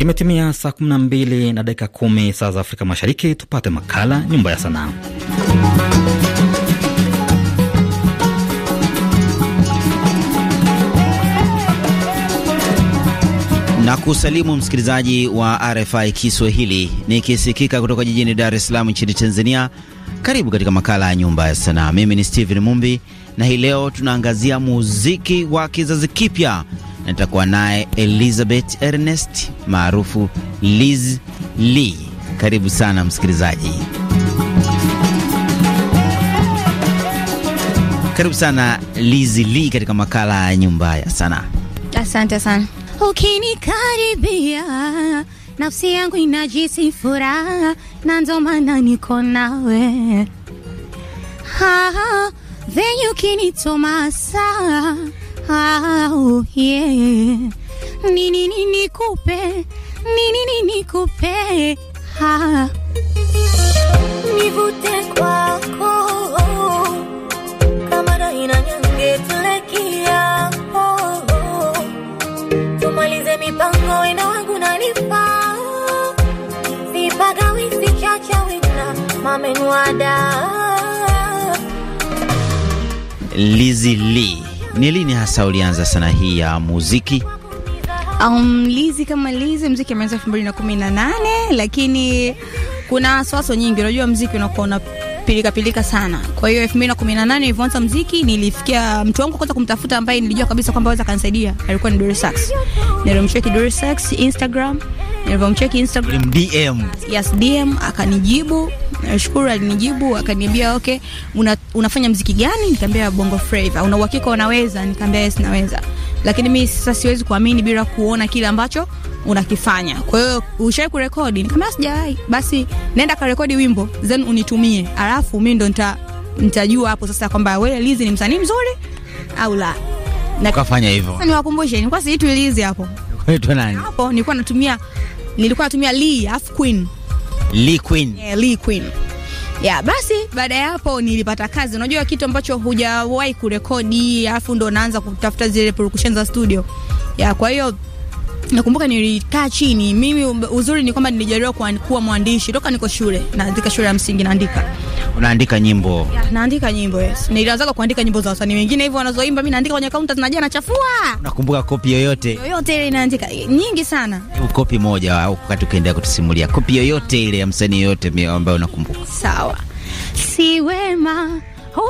Imetimia saa 12 na dakika kumi saa za Afrika Mashariki. Tupate makala Nyumba ya Sanaa. na kusalimu msikilizaji wa RFI Kiswahili nikisikika kutoka jijini Dar es Salaam nchini Tanzania. Karibu katika makala ya nyumba ya sanaa. Mimi ni Steven Mumbi na hii leo tunaangazia muziki wa kizazi kipya na naye Elizabeth Ernest maarufu Liz Lee. Karibu sana msikilizaji. Karibu sana Liz Lee katika makala ya nyumba ya sanaa. Asante sana. Ukinikaribia nafsi yangu inajisi furaha na ndo maana niko nawe venye ukinitoma saa au ye nini nini kupe nini nini kupe ha nivute kwako kamara inanyangetulekea tumalize mipango wena wangu nanifa sipagawi sichachawina mamenwada Lizzy Lee ni lini hasa ulianza sanaa hii ya muziki? Um, Lizi kama Lizi muziki ameanza nane, lakini kuna waswaso nyingi, unajua mziki unakuwa pilika pilika sana. Kwa hiyo 2018 nilipoanza muziki, nilifikia mtu wangu kwanza kumtafuta ambaye nilijua kabisa kwamba anaweza kanisaidia, alikuwa ni Dori Sax. Nilimcheki Dori Sax Instagram, nilipomcheki Instagram DM. Yes, DM akanijibu. Nashukuru alinijibu akaniambia, okay, una, unafanya muziki gani? Nikamwambia Bongo Flava. Una uhakika unaweza? Nikamwambia yes, naweza lakini mimi sasa siwezi kuamini bila kuona kile ambacho unakifanya. Kwa hiyo ushai kurekodi? Nikamwambia sijawahi. Basi nenda karekodi wimbo then unitumie, alafu mimi ndo nita nitajua hapo sasa kwamba wewe Lizi ni msanii mzuri au la. Na kafanya hivyo. Niwakumbushe, nilikuwa si Lizi hapo. Kwa hiyo nani? Hapo nilikuwa natumia nilikuwa natumia Lee, alafu Queen. Lee Queen. Yeah, Lee Queen. Ya, basi baada ya hapo nilipata kazi. Unajua kitu ambacho hujawahi kurekodi, alafu ndo naanza kutafuta zile production za studio. Ya, kwa hiyo Nakumbuka nilikaa chini mimi. Uzuri ni kwamba nilijaliwa kuwa mwandishi toka niko shule, naandika shule ya msingi, naandika unaandika nyimbo ya, naandika nyimbo yes. Nilianza kuandika nyimbo za wasanii wengine hivyo wanazoimba, mimi naandika kwenye kaunta zinajaa, na chafua. Nakumbuka kopi yoyote yoyote ile inaandika nyingi sana, kopi moja au wakati ukiendelea kutusimulia kopi yoyote ile ya msanii yoyote mimi ambayo nakumbuka. Sawa, si wema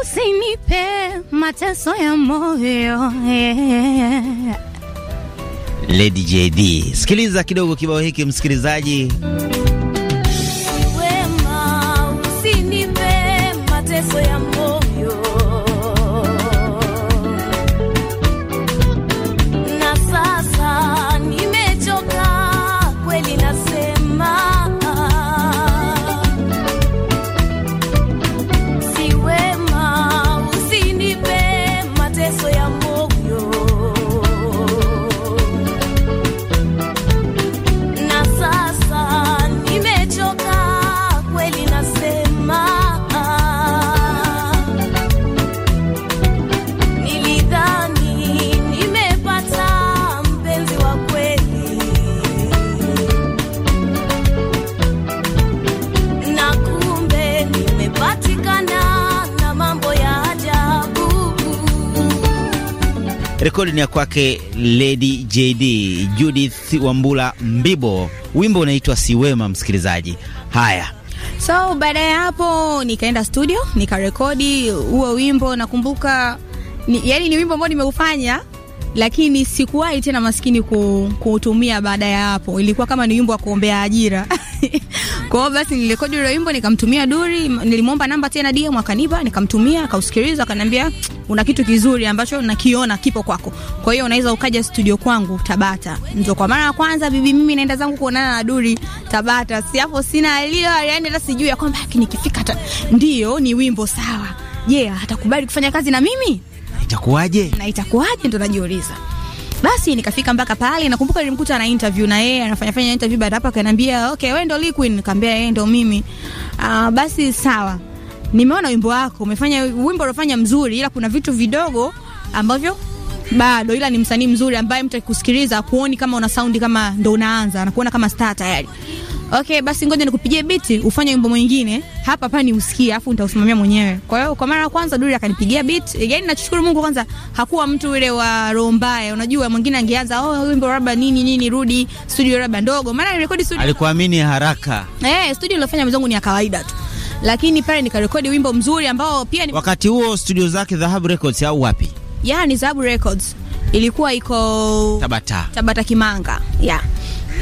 usinipe mateso ya moyo yeah. Lady JD. Sikiliza kidogo kibao hiki msikilizaji. Rekodi ni ya kwake Lady JD Judith Wambula Mbibo, wimbo unaitwa Siwema. Msikilizaji, haya so baada ya hapo nikaenda studio nikarekodi huo wimbo. Nakumbuka ni, yani ni wimbo ambao nimeufanya lakini sikuwahi tena maskini kuutumia. Baada ya hapo ilikuwa kama ni wimbo wa kuombea ajira kwao basi nilirekodi ile wimbo nikamtumia Duri, nilimwomba namba tena DM akanipa, nikamtumia, akausikiliza, akaniambia una kitu kizuri ambacho nakiona kipo kwako. Kwa hiyo unaweza ukaja studio kwangu Tabata. Ndio kwa mara ya kwanza bibi mimi naenda zangu kuonana na Duri Tabata. Si hapo sina alio, yani hata sijui ya kwamba nikifika ndio ni wimbo sawa. Je, yeah, atakubali kufanya kazi na mimi? Itakuwaje? Na itakuwaje ndo najiuliza. Basi nikafika mpaka pale, nakumbuka nilimkuta na interview na yeye anafanya fanya interview. Baada hapo akaniambia okay, wewe ndo Liquid? Nikamwambia yeye eh, ndio mimi. Uh, basi sawa, nimeona wimbo wako umefanya, wimbo uliofanya mzuri, ila kuna vitu vidogo ambavyo bado ila ni msanii mzuri ambaye mtu akikusikiliza akuoni kama una saundi kama ndo unaanza, anakuona kama star tayari. Okay, basi ngoja nikupigie biti ufanye wimbo mwingine hapa hapa ni usikie, afu nitausimamia mwenyewe. Kwa hiyo kwa mara ya kwanza Duli akanipigia beat again. Nashukuru Mungu kwanza, hakuwa mtu yule wa roho mbaya. Unajua mwingine angeanza oh, wimbo labda nini nini, rudi studio labda ndogo, maana nirekodi studio, alikuamini haraka eh. Studio nilofanya mzungu ni ya kawaida tu, lakini pale nikarekodi wimbo mzuri ambao pia ni... wakati huo studio zake Dhahabu Records au wapi? Yeah, ni Dhahabu Records ilikuwa iko Tabata, Tabata Kimanga, yeah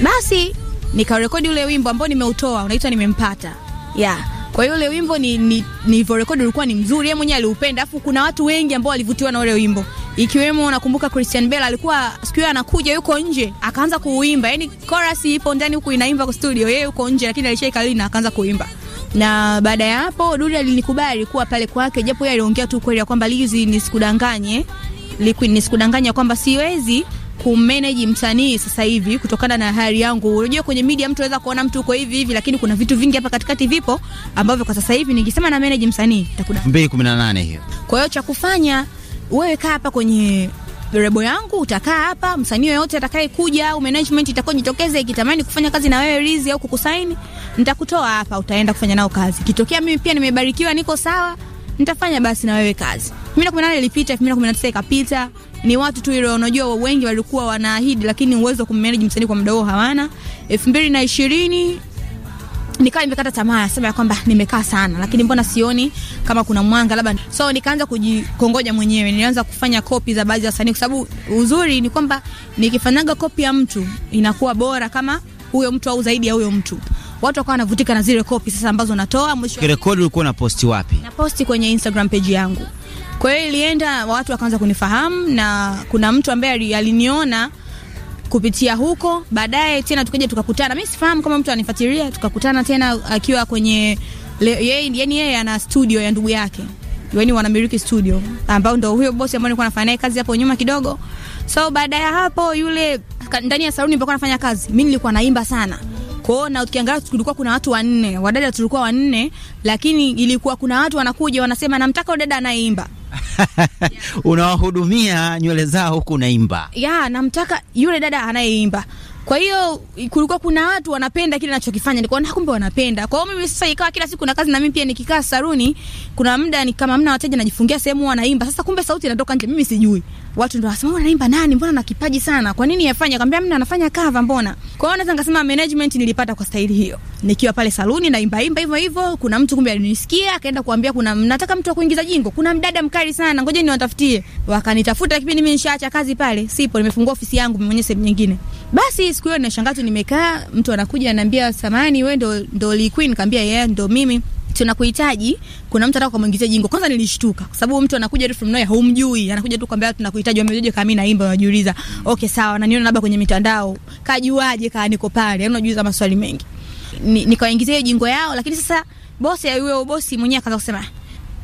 basi nikarekodi ule wimbo ambao nimeutoa unaitwa Nimempata. ya Yeah. Kwa hiyo ule wimbo ni, ni, nilivyorekodi ulikuwa ni mzuri, yeye mwenyewe aliupenda, afu kuna watu wengi ambao walivutiwa na ule wimbo ikiwemo nakumbuka Christian Bell alikuwa siku hiyo anakuja yuko nje akaanza kuuimba, yani chorus ipo ndani huku inaimba kwa studio, yeye yuko nje, lakini alishaika lini akaanza kuimba. Na baada ya hapo Duli alinikubali kuwa pale kwake, japo yeye aliongea tu kweli ya kwamba Lizi, nisikudanganye Liquid, nisikudanganya kwamba siwezi kumanage msanii sasa hivi kutokana na hali yangu. Unajua kwenye media mtu anaweza kuona mtu uko hivi hivi, lakini kuna vitu vingi hapa katikati vipo ambavyo kwa sasa hivi ningesema na manage msanii takuda 2018 hiyo. Kwa hiyo cha kufanya wewe kaa hapa kwenye rebo yangu utakaa hapa, msanii yoyote kuja au management itakuwa jitokeze ikitamani kufanya kazi na wewe rizi au kukusaini, nitakutoa hapa, utaenda kufanya nao kazi. Kitokea mimi pia nimebarikiwa, niko sawa nitafanya basi na wewe kazi. 2018 ilipita, 2019 ikapita. Ni watu tu ile unajua, wengi walikuwa wanaahidi, lakini uwezo wa kummanage msanii kwa muda huo hawana. 2020 nikawa nimekata tamaa, nasema ya kwamba nimekaa sana, lakini mbona sioni kama kuna mwanga labda. So nikaanza kujikongoja mwenyewe, nilianza kufanya kopi za baadhi ya wasanii, kwa sababu uzuri ni kwamba nikifanyaga kopi ya mtu inakuwa bora kama huyo mtu au zaidi ya huyo mtu watu wakawa wanavutika na zile kopi sasa ambazo natoa. Mwisho rekodi ulikuwa na posti wapi? Na posti kwenye Instagram page yangu. Kwa hiyo ilienda watu wakaanza kunifahamu, na kuna mtu ambaye aliniona kupitia huko. Baadaye tena tukaja tukakutana, mimi sifahamu kama mtu anifuatilia, tukakutana tena akiwa kwenye yeye, yani yeye ana studio ya ndugu yake yani wanamiliki studio ambao ndo huyo bosi ambaye nilikuwa nafanya naye kazi hapo nyuma kidogo. So baada ya hapo, yule ndani ya saluni nilikuwa nafanya kazi, mimi nilikuwa naimba sana. Kwa na ukiangalia tulikuwa kuna watu wanne, wadada tulikuwa wanne, lakini ilikuwa kuna watu wanakuja wanasema namtaka udada anayeimba. yeah. Unawahudumia nywele zao huku unaimba. Ya, yeah, namtaka yule dada anayeimba. Kwa hiyo kulikuwa kuna watu wanapenda kile ninachokifanya, na kumbe wanapenda. Kwa hiyo mimi sasa ikawa kila siku na kazi, na mimi pia nikikaa saruni, kuna muda ni kama mna wateja, najifungia sehemu wanaimba. Sasa kumbe sauti inatoka nje, mimi sijui. Watu ndio wanasema anaimba nani, mbona na kipaji sana, kwa nini yafanya? Kaambia mimi anafanya cover, mbona. Kwa hiyo naweza ngasema management nilipata kwa staili hiyo nikiwa pale saluni naimba imba hivyo hivyo, kuna mtu kumbe alinisikia akaenda kuambia kuna nataka mtu wa kuingiza jingo, kuna mdada mkali sana, ngoja niwatafutie. Wakanitafuta lakini mimi nishaacha kazi pale, sipo, nimefungua ofisi yangu mwenyewe sehemu nyingine. Basi siku hiyo nashangazwa, nimekaa, mtu anakuja ananiambia, samani, wewe ndo ndo Lee Queen? Kaambia yeye, yeah, ndo mimi tunakuhitaji kuna mtu anataka kumwingizia jingo. Kwanza nilishtuka kwa sababu mtu anakuja tu from nowhere, humjui, anakuja tu kwambia tunakuhitaji, wamejuaje kama mimi naimba? Wanajiuliza okay, sawa, na niona labda kwenye mitandao, kajuaje kaa niko pale, yaani unajiuliza maswali mengi nikawaingizia hiyo jingo yao, lakini sasa bosi huyo bosi mwenyewe akaanza kusema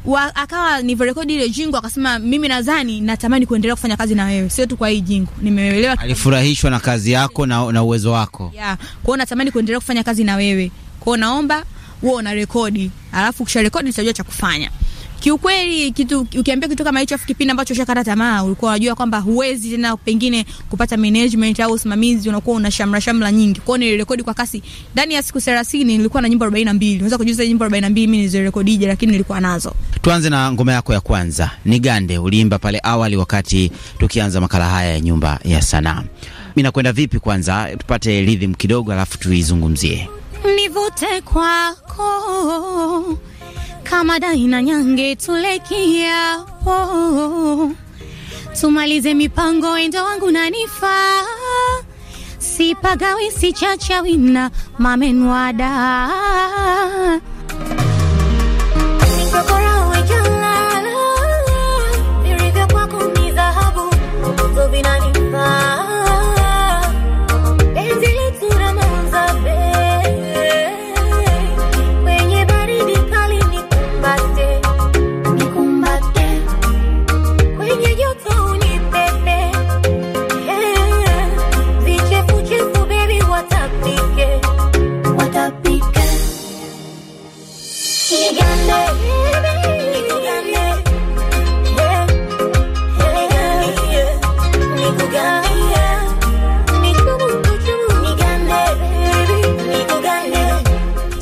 wa, akawa nivyorekodi ile jingo akasema, mimi nadhani natamani kuendelea kufanya kazi na wewe, sio tu kwa hii jingo. Nimeelewa, alifurahishwa na kazi yako na, na uwezo wako yeah. Kwa hiyo natamani kuendelea kufanya kazi na wewe, kwa hiyo naomba wewe una rekodi, alafu kisha rekodi nitajua cha kufanya. Kiukweli kitu ukiambia kitu kama hicho, afu kipindi ambacho ushakata tamaa, ulikuwa unajua kwamba huwezi tena pengine kupata management au usimamizi, unakuwa una shamra shamra nyingi. Kwa hiyo nilirekodi kwa kasi, ndani ya siku 30 nilikuwa na nyimbo 42. Unaweza kujuza nyimbo 42 mimi nilizorekodi, lakini nilikuwa nazo. Tuanze na ngoma yako ya kwanza, ni Gande, uliimba pale awali wakati tukianza makala haya ya nyumba ya sanaa. Mimi nakwenda vipi? Kwanza tupate rhythm kidogo, alafu tuizungumzie. Nivute kwako kama Daina Nyange tulekia oh, oh, oh. Tumalize mipango endo wangu nanifa sipagawi sichacha wina mamenwada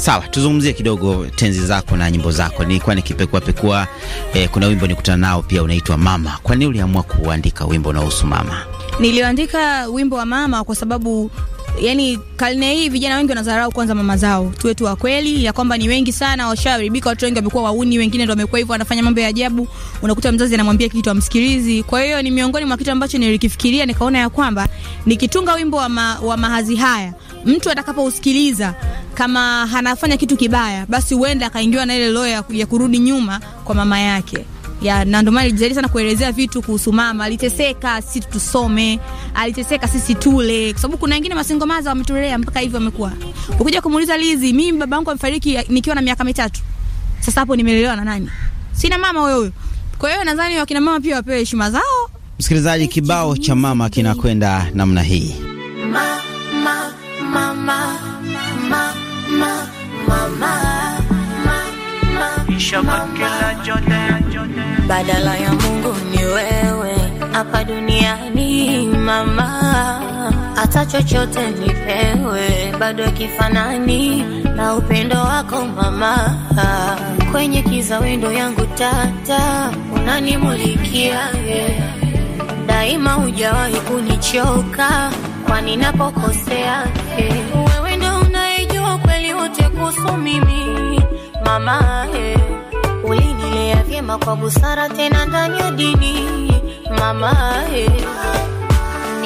Sawa, tuzungumzie kidogo tenzi zako na nyimbo zako. Nilikuwa nikipekua pekua, eh, kuna wimbo nikutana nao pia unaitwa Mama. Kwa nini uliamua kuandika wimbo unaohusu mama? Niliandika wimbo wa mama kwa sababu yani karne hii vijana wengi wanadharau kwanza mama zao. Tuwe tu kweli ya kwamba ni wengi sana washaharibika, watu wengi wamekuwa wauni, wengine ndio wamekuwa hivyo, wanafanya mambo ya ajabu. Unakuta mzazi anamwambia kitu amsikilizi. Kwa hiyo ni miongoni mwa kitu ambacho nilikifikiria, nikaona ya kwamba nikitunga wimbo wa, ma, wa mahazi haya mtu atakapousikiliza kama anafanya kitu kibaya, basi huenda akaingiwa na ile roho ya kurudi nyuma kwa mama yake ya na ndio maana alijitahidi sana kuelezea vitu kuhusu mama. Aliteseka sisi tusome, aliteseka sisi tule, kwa sababu kuna wengine masingo maza wametulea mpaka hivi wamekuwa. Ukija kumuuliza Lizi, mimi baba yangu amefariki nikiwa na miaka mitatu, sasa hapo nimelelewa na nani? Sina mama wewe huyo. Kwa hiyo nadhani wakina mama pia wapewe heshima zao. Msikilizaji, kibao cha mama kinakwenda namna hii mama, mama, mama, badala ya Mungu ni wewe hapa duniani mama, hata chochote nipewe, bado kifanani na upendo wako mama, kwenye kizawendo yangu tata, unanimulikia yeah. Daima hujawahi kunichoka kwani napokosea wewe ndo unayejua kweli wote kuhusu mimi mama eh, ulinilea vyema kwa busara tena ndani ya dini mama eh,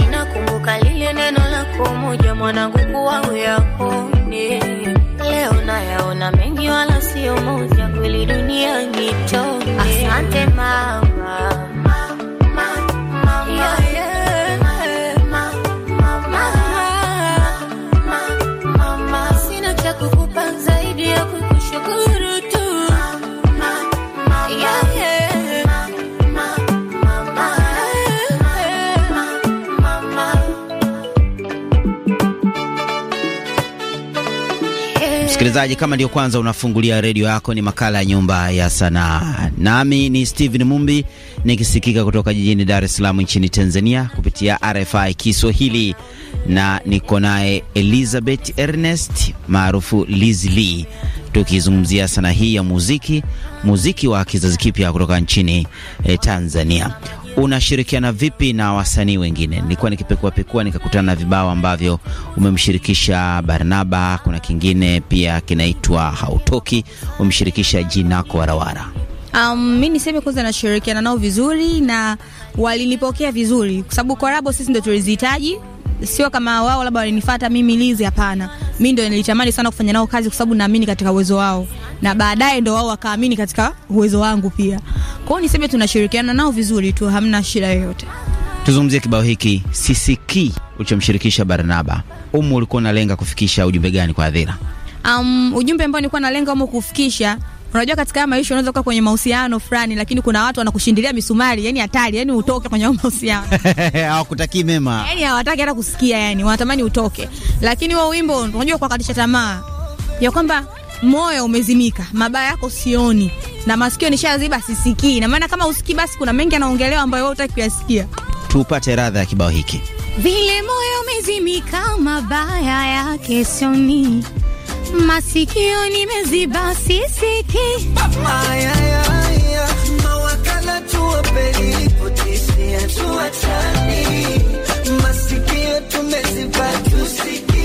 ninakumbuka lile neno lako moja mwanangu kuwa uyapone leo nayaona mengi wala sio moja kweli duniani tone asante mama Msikilizaji, kama ndio kwanza unafungulia redio yako, ni makala ya Nyumba ya Sanaa, nami ni Steven Mumbi nikisikika kutoka jijini Dar es Salaam nchini Tanzania kupitia RFI Kiswahili, na niko naye Elizabeth Ernest maarufu Liz tukizungumzia sanaa hii ya muziki, muziki wa kizazi kipya kutoka nchini eh, Tanzania unashirikiana vipi na wasanii wengine? Nilikuwa nikipekua pekua nikakutana na vibao ambavyo umemshirikisha Barnaba, kuna kingine pia kinaitwa Hautoki, umemshirikisha Jinako Warawara. Um, mi niseme kwanza nashirikiana nao vizuri na walinipokea vizuri, kwa sababu korabo sisi ndo tulizihitaji, sio kama wao labda walinifuata mimi Lizi. Hapana, mi ndo nilitamani sana kufanya nao kazi, kwa sababu naamini katika uwezo wao, na baadaye ndo wao wakaamini katika uwezo wangu pia kwao. Niseme tunashirikiana nao vizuri tu, hamna shida yoyote. Tuzungumzie kibao hiki sisikii ulichomshirikisha Barnaba. Umu, ulikuwa unalenga kufikisha ujumbe gani kwa hadhira? Um, ujumbe ambao nilikuwa nalenga umu kufikisha Unajua, katika haya maisha unaweza kuwa kwenye mahusiano fulani, lakini kuna watu wanakushindilia misumari, yani hatari, yani utoke kwenye mahusiano hawakutaki mema, yani hawataki hata kusikia, yani wanatamani utoke. Lakini huo wimbo unajua, kwa katisha tamaa ya kwamba moyo umezimika, mabaya yako sioni, na masikio nishaziba, sisikii. Na maana kama usiki, basi kuna mengi anaongelewa ambayo wewe hutaki kuyasikia. Tupate radha ya kibao hiki. Vile moyo umezimika, mabaya yake sioni, masikio nimeziba, sisikii masikio tumezipa tusikii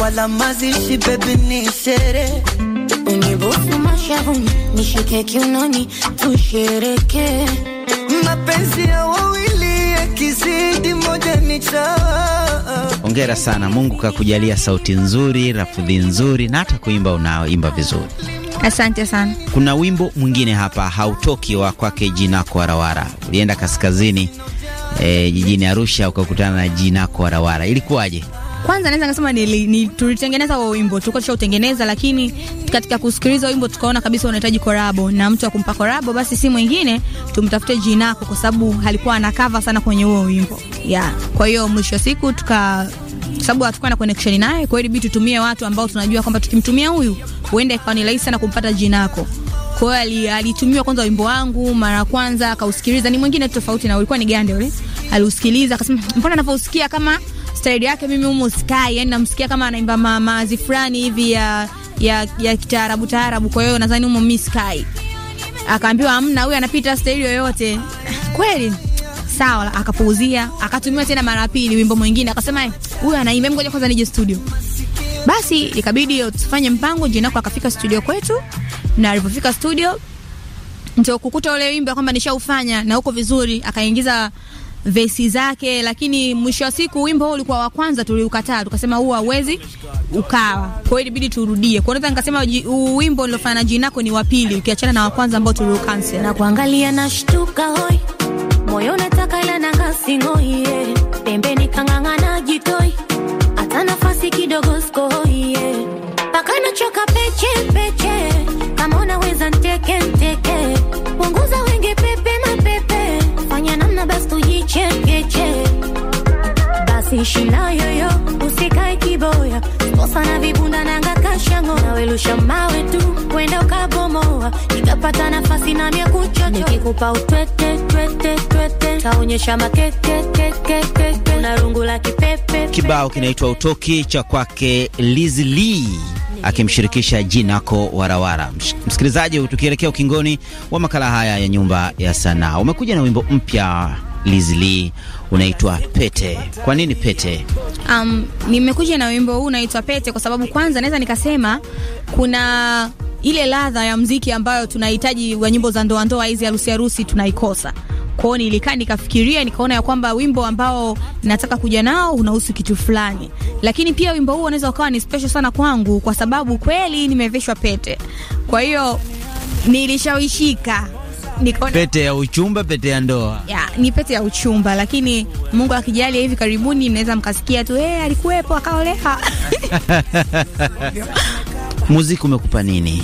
wala mazishi, baby ni shere. unibofu mashavuni, nishike kiunoni, tushereke mapenzi ya wawili yakizidi, moja ni chawa. Hongera sana, Mungu kakujalia sauti nzuri, rafudhi nzuri, na hata kuimba unaoimba vizuri. Asante sana. Kuna wimbo mwingine hapa hautoki wa kwake Jinako Warawara. Ulienda kaskazini, eh, jijini Arusha ukakutana na Jinako Warawara, ilikuwaje? Kwanza naweza nikasema ni, ni tulitengeneza huo wimbo, tulikuwa tushautengeneza, lakini katika kusikiliza wimbo tukaona kabisa unahitaji korabo na mtu akumpa korabo, basi si mwingine tumtafute Jinako kwa sababu alikuwa ana cover sana kwenye huo wimbo yeah. Kwa hiyo mwisho wa siku tuka sababu hatukuwa na connection naye, kwa hiyo ibidi tutumie watu ambao tunajua kwamba tukimtumia huyu huenda ikawa ni rahisi sana kumpata Jinako. Kwa hiyo ali, alitumiwa kwanza wimbo wangu mara kwanza, akausikiliza. Ni mwingine tofauti na ulikuwa ni gande ule, aliusikiliza akasema, mbona anavyousikia kama staili yake mimi humo sky, yani namsikia kama anaimba maazi fulani hivi ya ya ya kitaarabu taarabu, kwa hiyo nadhani humo mimi sky. Akaambiwa amna, huyu anapita staili yoyote. Kweli sawa, akapuuzia. Akatumia tena mara pili wimbo mwingine, akasema eh, huyu anaimba, ngoja kwanza nije studio. Basi ikabidi tufanye mpango. jina kwa akafika studio kwetu, na alipofika studio ndio kukuta ule wimbo kwamba nishaufanya na huko vizuri, akaingiza vesi zake, lakini mwisho wa siku wimbo huu ulikuwa wa kwanza, tuliukataa tukasema huu hauwezi ukawa. Kwa hiyo ilibidi turudie. Kwa hiyo nikasema huu wimbo nilofanya na Jinako ni wa pili ukiachana na wa kwanza ambao tuliukansel. Na kuangalia na shtuka hoi, moyo unataka ila na kasi ngoi, pembeni kang'ang'ana jitoi, hata nafasi kidogo sikoi, paka nachoka peche peche, kama unaweza nteke nteke, punguza wenge peche basi usikae kiboya kosa na vibunda na mawe tu kwenda ukabomoa nikapata nafasi kuchocho nikikupa utwete twete twete taonyesha na rungu la kipepe kibao kinaitwa utoki cha kwake Lizzy Lee akimshirikisha Jinako Warawara. Msikilizaji, tukielekea ukingoni wa makala haya ya nyumba ya sanaa, umekuja na wimbo mpya Lizli, unaitwa Pete. Kwa nini Pete? Um, nimekuja na wimbo huu unaitwa Pete kwa sababu kwanza naweza nikasema kuna ile ladha ya mziki ambayo tunahitaji wa nyimbo za ndoa ndoa hizi harusi harusi tunaikosa. Kwa hiyo nilikaa nikafikiria, nikaona ya kwamba wimbo ambao nataka kuja nao unahusu kitu fulani, lakini pia wimbo huu unaweza ukawa ni special sana kwangu kwa sababu kweli nimevishwa pete, kwa hiyo nilishawishika nikaona pete ya uchumba, pete ya ndoa. Ya, ni pete ya uchumba, lakini Mungu akijalia hivi karibuni mnaweza mkasikia tu eh, alikuwepo akaoleha. Muziki umekupa nini?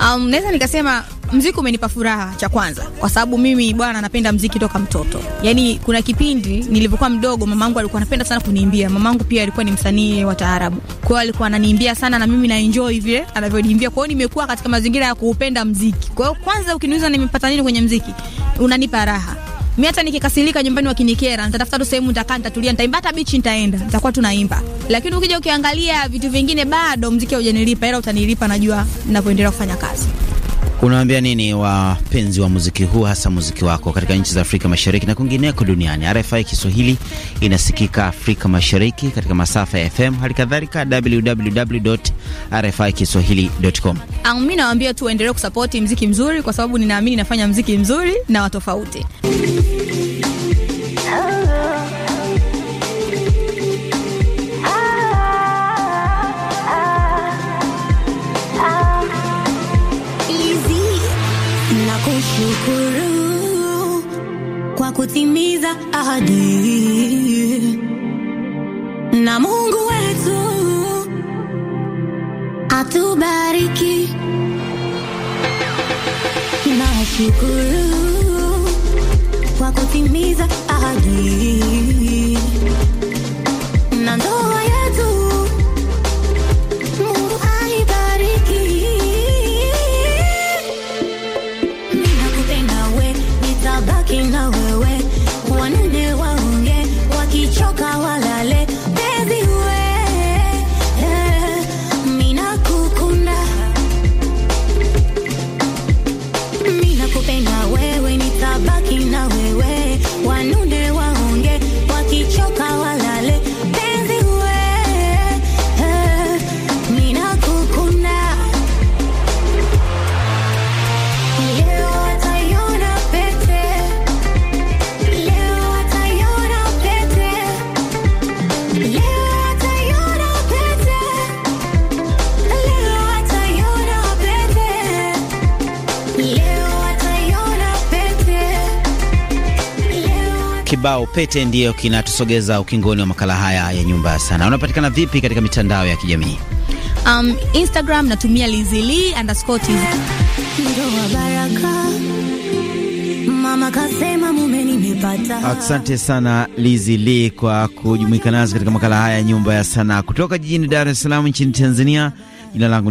Um, naweza nikasema mziki umenipa furaha cha kwanza, kwa sababu mimi bwana napenda mziki toka mtoto. Yani kuna kipindi nilivyokuwa mdogo, mamangu alikuwa anapenda sana kuniimbia. Mamangu pia alikuwa ni msanii wa taarabu, kwao alikuwa ananiimbia sana na mimi na enjoy vile anavyoniimbia. Kwao nimekuwa katika mazingira ya kuupenda mziki. Kwao kwanza, ukiniuliza nimepata nini kwenye mziki, unanipa raha mimi hata nikikasirika nyumbani wakinikera, nitatafuta tu sehemu nitakaa, nitatulia, nitaimba hata bichi, nitaenda nitakuwa tunaimba. Lakini ukija ukiangalia vitu vingine, bado mziki haujanilipa, ila utanilipa najua ninavyoendelea kufanya kazi. Unawaambia nini wapenzi wa muziki huu, hasa muziki wako katika nchi za Afrika Mashariki na kwingineko duniani? RFI Kiswahili inasikika Afrika Mashariki katika masafa ya FM, hali kadhalika www rfi kiswahili.com. Mi nawaambia tu waendelee kusapoti mziki mzuri, kwa sababu ninaamini nafanya mziki mzuri na watofauti body kibao pete ndiyo kinatusogeza ukingoni wa makala haya ya nyumba ya sanaa. Unapatikana vipi katika mitandao ya kijamii? Um, Instagram natumia lizili underscore Asante sana Lizi Li kwa kujumuika nasi katika makala haya ya nyumba ya sanaa kutoka jijini Dar es Salaam nchini Tanzania. Jina langu